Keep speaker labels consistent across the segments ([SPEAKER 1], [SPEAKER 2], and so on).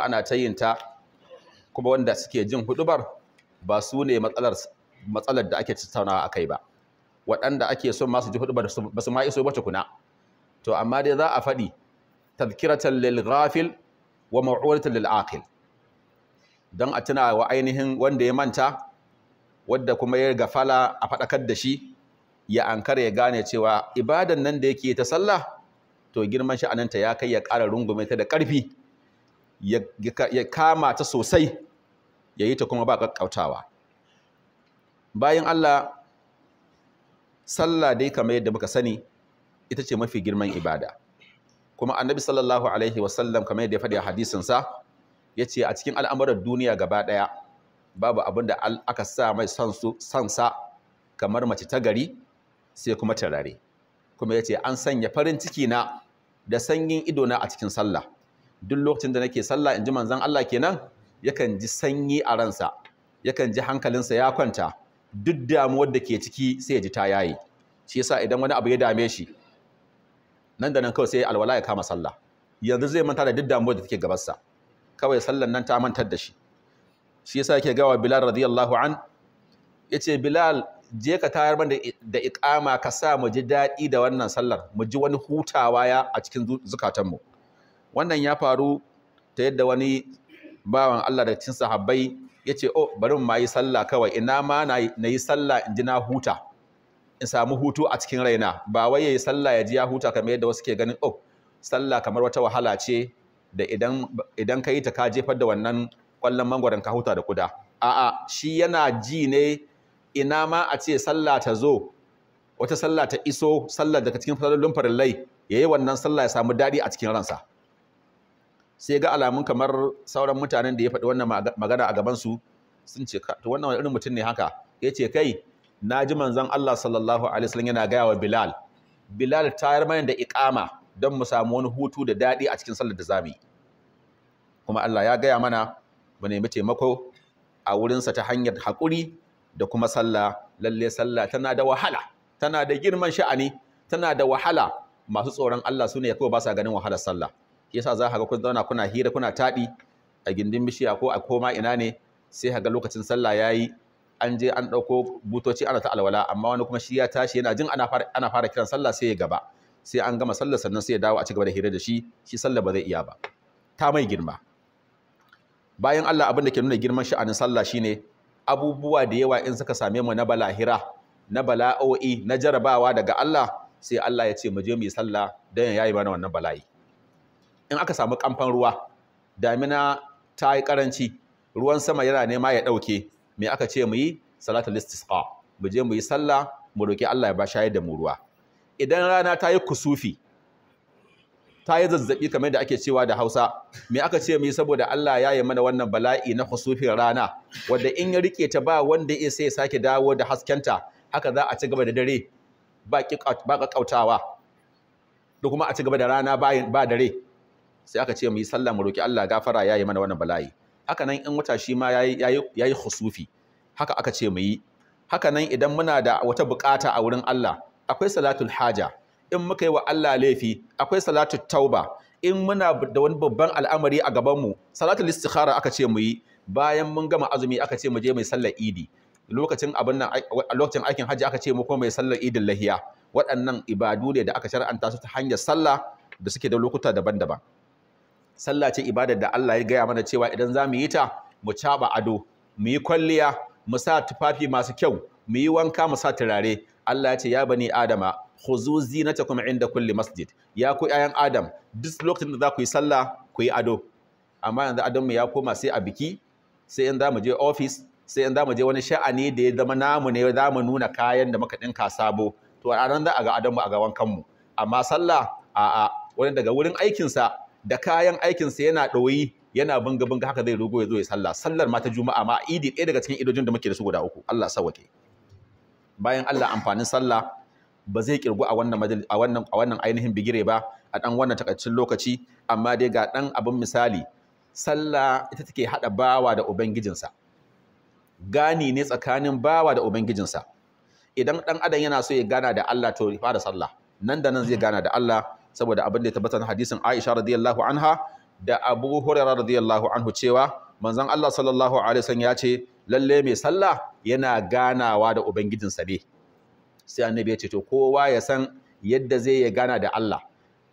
[SPEAKER 1] ana ta yin ta kuma wanda suke jin hudubar ba su ne matsalar da ake tattaunawa a kai ba waɗanda ake son masu ji hudubar ba su ma iso ba tukuna to amma dai za a faɗi tazkiratan lil ghafil wa maw'uratan lil aqil don a tuna wa ainihin wanda ya manta wanda kuma ya gafala a faɗakar da shi ya ankar ya gane cewa ibadan nan da yake ta sallah to girman ta ya kai ya ƙara rungume ta da ƙarfi ya kama ta sosai ya yi ta kuma ba kakkautawa bayan Allah sallah dai kamar yadda muka sani ita ce mafi girman ibada kuma annabi sallallahu alaihi wasallam kamar yadda ya faɗi a hadisinsa ya ce a cikin al'amuran duniya gaba ɗaya babu abin da aka sa mai sansa kamar mace ta gari sai kuma tarare kuma ya ce an sanya farin ciki na da sanyin idona a cikin sallah duk lokacin da nake sallah in ji manzan Allah kenan yakan ji sanyi a ransa yakan ji hankalinsa ya kwanta duk damuwar da ke ciki sai ya ji ta yayi shi yasa idan wani abu ya dame shi nan da nan kawai sai alwala ya kama sallah yanzu zai manta da duk damuwar da take sa. kawai sallan nan ta mantar da shi shi yasa yake gawa Bilal radiyallahu an yace Bilal je ka tayar mana da iqama ka sa mu ji dadi da wannan sallar mu ji wani hutawa ya a cikin zukatanmu mu wannan ya faru ta yadda wani bawan Allah da cin sahabbai ya ce oh bari ma yi sallah kawai ina ma na yi sallah in ji na huta in samu hutu a cikin raina ba wai ya yi sallah ya ji ya huta kamar yadda wasu ke ganin oh sallah kamar wata wahala ce da idan ka yi ta ka jefar da wannan kwallon mangwaron ka huta da kuda a'a shi yana ji ne ina ma a ce sallah ta zo wata sallah ta iso sallah daga cikin lai ya yi wannan sallah ya samu daɗi a cikin ransa sai ga alamun kamar sauran mutanen da ya faɗi wannan magana a gabansu sun ce to wannan wani irin mutum ne haka ya ce kai na ji manzon Allah sallallahu alaihi wasallam yana gaya wa Bilal Bilal tayar mana da iqama don mu samu wani hutu da daɗi a cikin sallar da zamu yi kuma Allah ya gaya mana mu nemi taimako a wurinsa ta hanyar hakuri da kuma sallah lalle sallah tana da wahala tana da girman sha'ani tana da wahala masu tsoron Allah sune ya kawai ba sa ganin wahalar sallah yasa za ka ga kun zauna kuna hira kuna taɗi a gindin bishiya ko a koma ina ne sai ka ga lokacin sallah yayi an je an ɗauko butoci ana ta alwala amma wani kuma shi ya tashi yana jin ana fara kiran sallah sai ya gaba sai an gama sallah sannan sai ya dawo a cigaba da hira da shi shi sallah ba zai iya ba ta mai girma bayan Allah abin da ke nuna girman sha'anin sallah shine abubuwa da yawa in suka same mu na balahira na bala'o'i na jarabawa daga Allah sai Allah ya ce mu je mu yi sallah don ya yi mana wannan bala'i in aka samu kamfan ruwa damina ta yi karanci ruwan sama yana nema ya ɗauke me aka ce mu yi salatul istisqa mu je mu yi sallah mu roki Allah ya ba shayar da mu ruwa idan rana ta yi kusufi ta yi zazzabi kamar da ake cewa da Hausa me aka ce mu yi saboda Allah ya yi mana wannan bala'i na kusufin rana wanda in ya rike ta ba wanda ya sai sake dawo da haskenta haka za a ci gaba da dare ba ba da kuma a ci gaba da rana ba dare sai aka ce mu yi sallah mu roki Allah gafara ya yi mana wannan bala'i haka nan in wata shi ma yayi yayi khusufi haka aka ce mu yi haka nan idan muna da wata bukata a wurin Allah akwai salatul haja in muka yi wa Allah laifi akwai salatul tauba in muna da wani babban al'amari a gaban mu salatul istikhara aka ce mu yi bayan mun gama azumi aka ce mu je mai sallar idi lokacin abin nan lokacin aikin hajji aka ce mu koma mai sallar idin lahiya waɗannan ibadu ne da aka shar'anta su ta hanyar sallah da suke da lokuta daban-daban sallah ce ibadar da Allah ya gaya mana cewa idan za mu yi ta mu caba ado mu yi kwalliya mu sa tufafi masu kyau mu yi wanka mu sa turare Allah ya ce ya bani adama khuzu zinatakum inda kulli masjid ya ku ayan adam duk lokacin da za ku yi sallah ku yi ado amma yanzu adam mu ya koma sai a biki sai in za mu je office sai in za mu je wani sha'ani da ya zama namu ne za mu nuna kayan da muka ɗinka sabo to a ranar za a ga adam mu a ga wankan mu amma sallah a'a wani daga wurin aikinsa da kayan aikinsa yana ɗoyi yana bunga bunga haka zai rugo ya zo ya sallah sallar ma ta juma'a ma idi ɗaya daga cikin idojin da muke da su guda uku Allah sawake bayan Allah amfanin sallah ba zai kirgu a wannan a wannan a wannan ainihin bigire ba a dan wannan takaccin lokaci amma dai ga dan abin misali sallah ita take hada bawa da ubangijinsa gani ne tsakanin bawa da ubangijinsa idan dan adam yana so ya gana da Allah to fara sallah nan da nan zai gana da Allah saboda abin da ya tabbatar hadisin Aisha radiyallahu anha da Abu Hurairah radiyallahu anhu cewa manzon Allah sallallahu alaihi wasallam ya ce lalle mai sallah yana ganawa da ubangijinsa ne sai annabi ya ce to kowa ya san yadda zai ya gana da Allah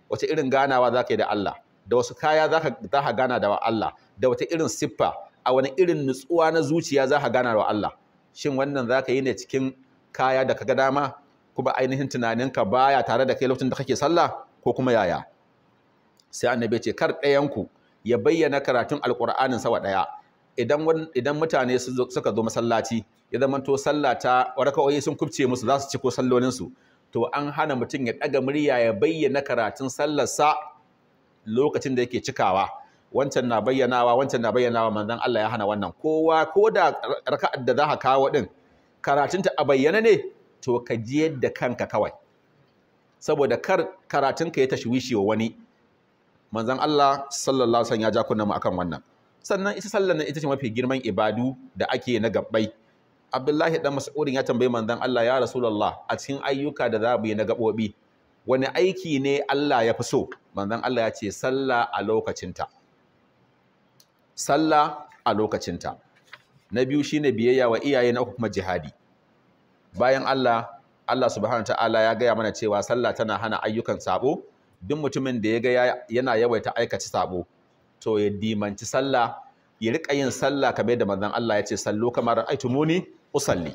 [SPEAKER 1] wace irin ganawa zaka yi da Allah da wasu kaya zaka zaka gana da Allah da wata irin siffa a wani irin nutsuwa na zuciya zaka gana da Allah shin wannan zaka yi ne cikin kaya da kaga dama kuma ainihin tunaninka baya tare da kai lokacin da kake sallah ko kuma yaya sai annabi ce kar ɗayanku ya bayyana karatun alƙur'anin sawa ɗaya idan mutane suka zo masallaci ya zamanto sallah ta warakawai sun kubce musu za su ci ko sallolin su to an hana mutum ya ɗaga murya ya bayyana karatun sallarsa lokacin da yake cikawa wancan na bayyanawa wancan na bayyanawa manzon Allah ya hana wannan kowa ko da raka'ar da za ka kawo din karatunta a bayyana ne to ka je da kanka kawai saboda kar karatunka ya tashwishi wa wani manzan Allah sallallahu alaihi wasallam ya ja kunna mu akan wannan sannan ita sallar nan ita ce mafi girman ibadu da ake na gabbai Abdullahi dan Mas'udin ya tambayi manzan Allah ya Rasulullah a cikin ayyuka da za mu yi na gabobi wani aiki ne Allah ya fi so Manzan Allah ya ce salla a lokacinta salla a lokacinta na biyu shine biyayya wa iyaye na uku kuma jihadi bayan Allah Allah subhanahu ta'ala ya gaya mana cewa sallah tana hana ayyukan sabo duk mutumin da ya ga yana yawaita aikaci sabo to ya dimanci sallah ya rika yin sallah kamar da manzon Allah ya ce sallu kamar aitumuni usalli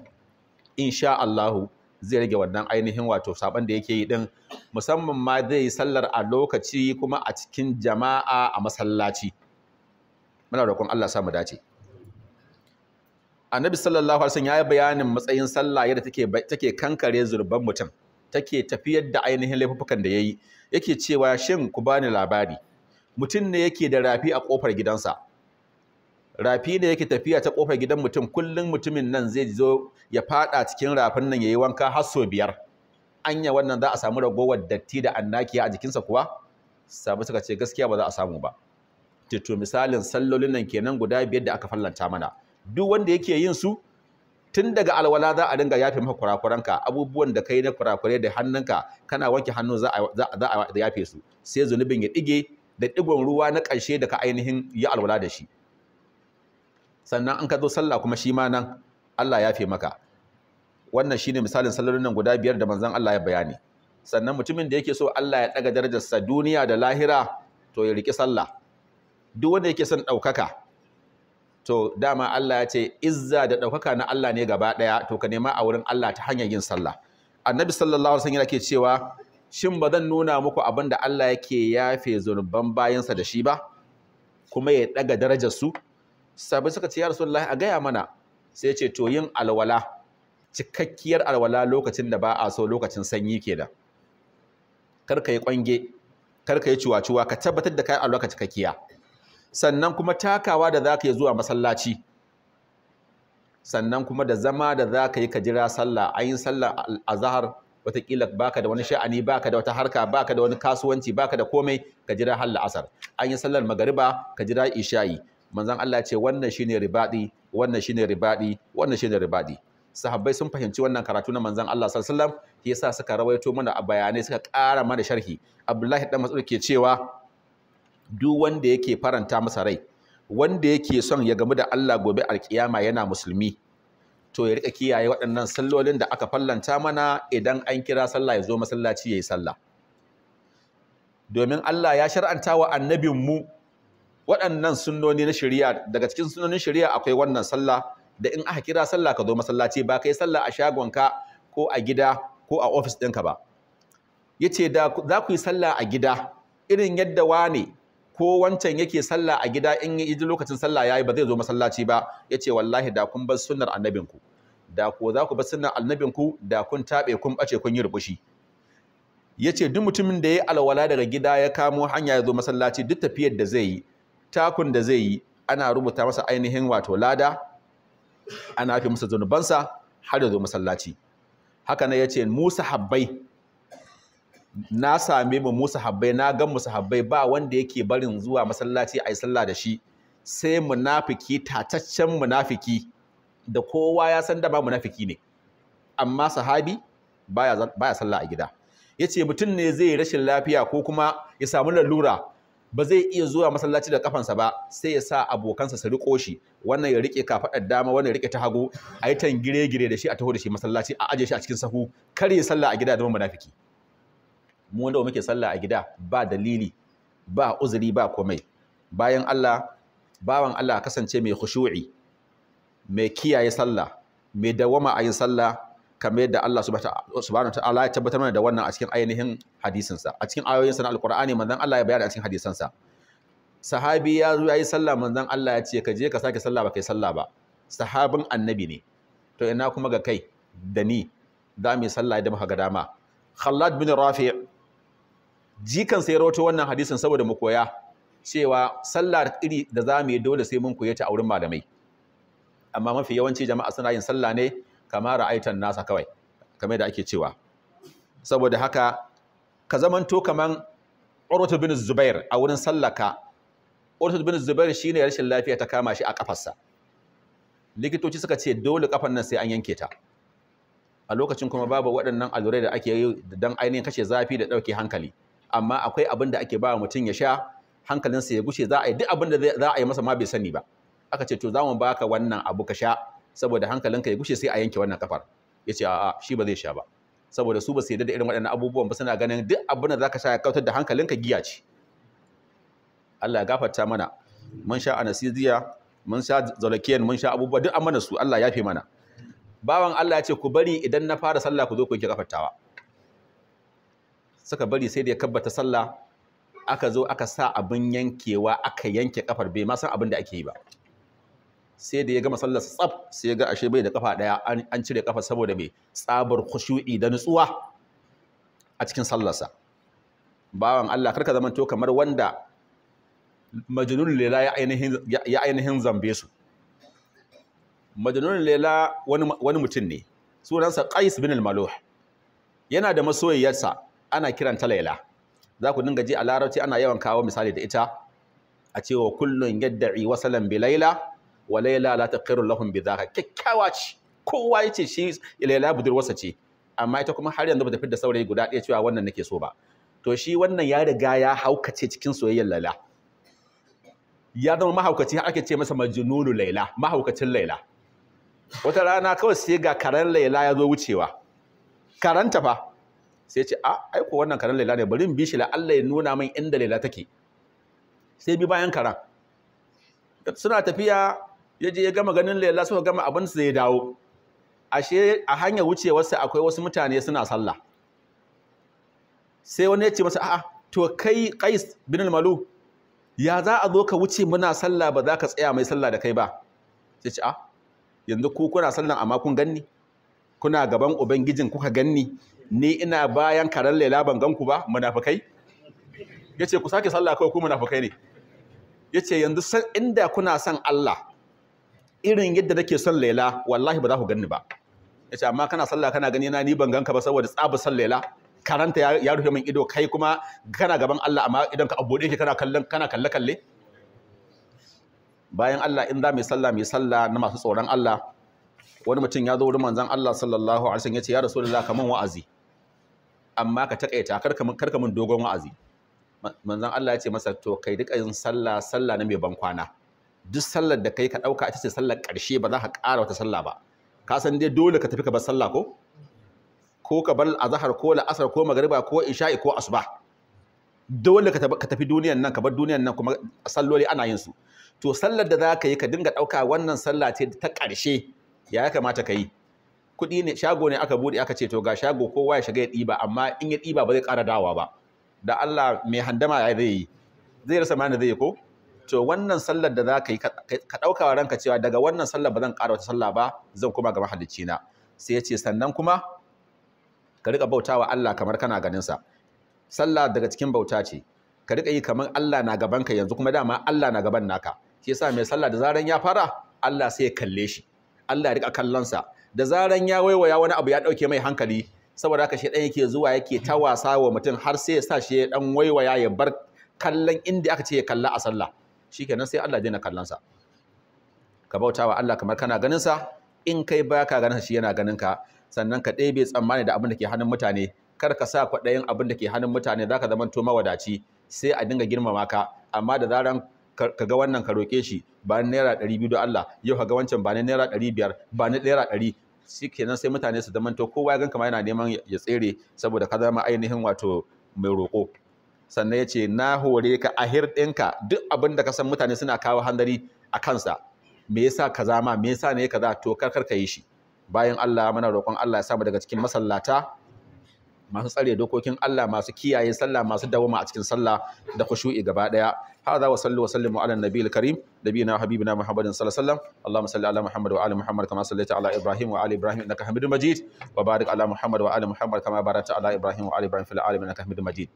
[SPEAKER 1] insha Allah zai rage wannan ainihin wato saban da yake yi din musamman ma zai yi sallar a lokaci kuma a cikin jama'a a masallaci muna roƙon Allah samu dace annabi sallallahu alaihi wasallam ya yi bayanin matsayin sallah yadda take take kankare zurban mutum take tafiyar da ainihin laifukan da yayi yake cewa shin ku bani labari mutum ne yake da rafi a kofar gidansa rafi ne yake tafiya ta kofar gidan mutum kullum mutumin nan zai zo ya fada cikin rafin nan yayi wanka har so biyar anya wannan za a samu ragowar datti da annaki a jikinsa kuwa sabu suka ce gaskiya ba za a samu ba to misalin sallolin nan kenan guda biyar da aka fallanta mana duk wanda yake yin su tun daga alwala za a dinga yafe maka kurakuranka abubuwan da kai na kurakure da hannunka kana wanke hannu za a yafe su sai zunubin ya dige da digon ruwa na ƙarshe da ka ainihin yi alwala da shi sannan an ka zo sallah kuma shi ma nan Allah ya yafe maka wannan shine misalin sallolin nan guda biyar da manzon Allah ya bayani sannan mutumin da yake so Allah ya daga darajarsa duniya da lahira to ya riki sallah duk wanda yake son ɗaukaka to dama Allah ya ce izza da ɗaukaka na Allah ne gaba ɗaya to ka nema a wurin Allah ta hanyar yin sallah annabi sallallahu alaihi wasallam yake cewa shin ba zan nuna muku abin da Allah yake yafe zunuban bayansa da shi ba kuma ya ɗaga darajar su sabai suka ce ya rasulullahi a gaya mana sai ce to yin alwala cikakkiyar alwala lokacin da ba a so lokacin sanyi kenan kar ka yi kwange kar ka yi ciwa-ciwa ka tabbatar da kai alwala cikakkiya sannan kuma takawa da zaka yi zuwa masallaci sannan kuma da zama da zaka yi ka jira sallah ayin sallar azhar watakila baka da wani sha'ani baka da wata harka baka da wani kasuwanci baka da komai ka jira har la'asar an yi sallar magariba ka jira isha'i manzon Allah ce wannan shine ribadi wannan shine ribadi wannan shine ribadi sahabbai sun fahimci wannan karatu na manzon Allah sallallahu alaihi wasallam yasa suka rawaito mana a bayanai suka ƙara mana sharhi Abdullahi dan Mas'ud ke cewa duk wanda yake faranta masa rai wanda yake son ya gamu da Allah gobe alkiyama yana musulmi to ya rika kiyaye waɗannan sallolin da aka fallanta mana idan an kira sallah ya zo masallaci yayi sallah domin Allah ya shar'anta wa annabin mu waɗannan sunnoni na shari'a daga cikin sunnonin shari'a akwai wannan sallah da in aka kira sallah ka zo masallaci ba kai sallah a shagonka ko a gida ko a ofis ɗinka ba yace da za ku yi sallah a gida irin yadda wane ko wancan yake sallah a gida in yi ji lokacin sallah ya yi ba zai zo masallaci ba Ya ce wallahi da kun bar sunnar annabinku da ko za ku bar sunnar annabinku da kun taɓe kun bace kun yi rubushi Ya ce duk mutumin da ya yi alwala daga gida ya kamo hanya ya zo masallaci duk tafiyar da zai yi takun da zai yi ana rubuta masa ainihin wato lada ana fi masa zunubansa har ya zo masallaci haka ya yace mu sahabbai na same mu musu Habbai, na gan mu Habbai, ba wanda yake barin zuwa masallaci yi sallah da shi sai munafiki tataccen munafiki da kowa ya san da ba munafiki ne amma sahabi baya ya sallah a gida Ya ce mutum ne zai rashin lafiya ko kuma ya samu lalura ba zai iya zuwa masallaci da kafansa ba sai ya sa abokansa su riko shi wannan ya rike kafaɗar dama wannan ya rike ta hagu a yi tangire-gire da shi a taho da shi masallaci a aje shi a cikin sahu kar ya sallah a gida da munafiki mu wanda muke sallah a gida ba dalili ba uzuri ba komai bayan Allah bawan Allah kasance mai khushu'i mai kiyaye sallah mai dawama a yin sallah kamar yadda Allah subhanahu ta'ala ya tabbatar mana da wannan a cikin ainihin hadisin sa a cikin ayoyin sa na alqur'ani manzon Allah ya bayyana a cikin hadisin sa sahabi ya zo yayi sallah manzon Allah ya ce ka je ka sake sallah ba kai sallah ba sahabin annabi ne to ina kuma ga kai da ni za mu yi sallah idan muka ga dama Khalad bin Rafi' jikan sai rawato wannan hadisin saboda mu koya cewa sallar iri da za mu yi dole sai mun koye ta a wurin malamai amma mafi yawanci jama'a suna yin sallah ne kamar ra'aitan nasa kawai kamar da ake cewa saboda haka ka zamanto kaman Urwatu bin Zubair a wurin sallaka Urwatu bin Zubair shine rashin lafiya ta kama shi a kafarsa likitoci suka ce dole kafan nan sai an yanke ta a lokacin kuma babu waɗannan allurai da ake yi don ainihin kashe zafi da ɗauke hankali amma akwai abin da ake ba wa mutum ya sha hankalinsa ya gushe za a yi duk abin da za a yi masa ma bai sani ba aka ce to za mu baka wannan abu ka sha saboda hankalinka ya gushe sai a yanke wannan kafar ya ce a'a shi ba zai sha ba saboda su ba su yarda da irin waɗannan abubuwan ba suna ganin duk abin da ka sha ya kautar da hankalinka giya ce Allah ya gafarta mana mun sha anasiziya mun sha zalakiyan mun sha abubuwa duk an mana su Allah ya fi mana bawan Allah ya ce ku bari idan na fara sallah ku zo ku yi gafartawa suka bari sai da ya kabbata sallah aka zo aka sa abin yankewa aka yanke kafar bai ma san abin da ake yi ba sai da ya gama sallar tsaf sai ya ga ashe bai da kafa daya an cire kafa saboda mai tsabar khushu'i da nutsuwa a cikin sallarsa bawan Allah karka zaman to kamar wanda majnun lela ya ainihin ya ainihin zambe su majnun lela wani wani mutum ne sunansa Qais bin al-Maluh yana da masoyiyarsa ana kiran ta laila za ku dinga ji a larabci ana yawan kawo misali da ita a cewa kullun yadda'i wasalan bi laila wa laila la taqiru lahum bi dhaka kikkawa ce kowa yace shi laila budurwarsa ce amma ita kuma har yanzu bata fitar da saurayi guda ɗaya cewa wannan nake so ba to shi wannan ya riga ya haukace cikin soyayyar laila ya zama mahaukaci har ake ce masa majnunu laila mahaukacin laila wata rana kawai sai ga karen laila ya zo wucewa karanta fa sai ya ce a ah, aiko wannan karen Laila ne bari in bi shi la Allah ya nuna min inda Laila take sai bi bayan karan suna tafiya ya je ya gama ganin Laila suka gama abin su ya dawo ashe a hanyar sai akwai wasu mutane suna sallah sai wani ya ce masa a'a to kai Qais bin malu ya za a zo ka wuce muna sallah ba za ka tsaya mai sallah da kai ba sai ce a ah, yanzu ku kuna sallan amma kun ganni kuna gaban ubangijin kuka ganni ni ina bayan karen lela ban ganku ba munafikai yace ku sake sallah kawai ku munafikai ne yace yanzu san inda kuna son Allah irin yadda nake son lela wallahi ba za ku ganni ba yace amma kana sallah kana gani na ni ban ganka ba saboda tsabu son lela karanta ya rufe min ido kai kuma kana gaban Allah amma idan ka abode yake kana kallon kana kalle kalle bayan Allah in za mu yi sallah mu yi sallah na masu tsoron Allah wani mutum ya zo wurin manzon Allah sallallahu alaihi wasallam yace ya rasulullah kaman wa'azi amma ka taƙaita kar ka mun dogon wa'azi manzon Allah ya ce masa to kai duka yin sallah sallah na mai ban kwana duk sallar da kai ka ɗauka ita ce sallar ƙarshe ba za ka ƙara wata sallah ba ka san dai dole ka tafi ka bar sallah ko ko ka bar azhar ko la'asar ko magriba ko isha'i ko asuba dole ka tafi duniyan nan ka bar duniyan nan kuma salloli ana yin su to sallar da za ka yi ka dinga ɗauka wannan sallah ce ta ƙarshe ya kamata ka yi kuɗi ne shago ne aka buɗe aka ce to ga shago kowa ya shiga ya ɗiba amma in ya ɗiba ba zai ƙara dawa ba da Allah mai handama ya zai yi zai rasa mana zai yi ko to wannan sallar da za ka yi ka ɗauka ranka cewa daga wannan sallar ba zan ƙara wata sallah ba zan kuma ga mahalicci na sai ya ce sannan kuma ka riƙa bautawa Allah kamar kana ganin sa sallah daga cikin bauta ce ka riƙa yi kamar Allah na gaban ka yanzu kuma dama Allah na gaban naka shi yasa mai sallah da zaran ya fara Allah sai ya kalle shi Allah ya riƙa kallon sa da zaran ya waiwaya wani abu ya ɗauke mai hankali saboda haka ɗan yake zuwa yake ta wasa wa mutum har sai ya sa shi ya dan waiwaya ya bar kallon inda aka ce ya kalla a sallah shikenan sai Allah daina kallon sa ka bautawa Allah kamar kana ganin sa in kai baka ganin shi yana ganin ka sannan ka ɗebe tsammani da abin da ke hannun mutane kar ka sa kwaɗayin abin da ke hannun mutane zaka zama to mawadaci sai a dinga girmama ka amma da zaran ka ga wannan ka roƙe shi ba naira ɗari biyu da Allah yau ka ga wancan ba naira ɗari biyar ba naira ɗari shikenan sai mutane su zamanta kowa ya ganka ma yana neman ya tsere saboda ka zama ainihin wato mai roƙo sannan ya ce na hore ka a hirɗinka duk abin da ka san mutane suna kawo handari a kansa me yasa ka zama me yasa ne kaza to karkar ka yi shi bayan Allah muna roƙon Allah ya samu daga cikin masallata masu tsare dokokin Allah masu kiyaye sallah masu dawoma a cikin sallah da khushu'i gaba daya hada wa sallu wa sallimu ala nabiyil karim nabiyina habibina muhammadin sallallahu alaihi wasallam allahumma salli ala muhammad wa ala muhammad kama sallaita ala ibrahim wa ala ibrahim innaka hamidum majid wa barik ala muhammad wa ala muhammad kama barakta ala ibrahim wa ala ibrahim fil alamin innaka hamidum majid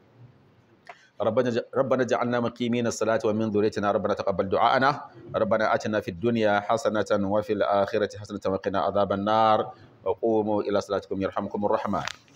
[SPEAKER 1] ربنا ربنا جعلنا مقيمين الصلاة ومن ذريتنا ربنا تقبل دعاءنا ربنا آتنا في الدنيا حسنة وفي الآخرة حسنة وقنا عذاب النار وقوموا إلى صلاتكم يرحمكم الرحمن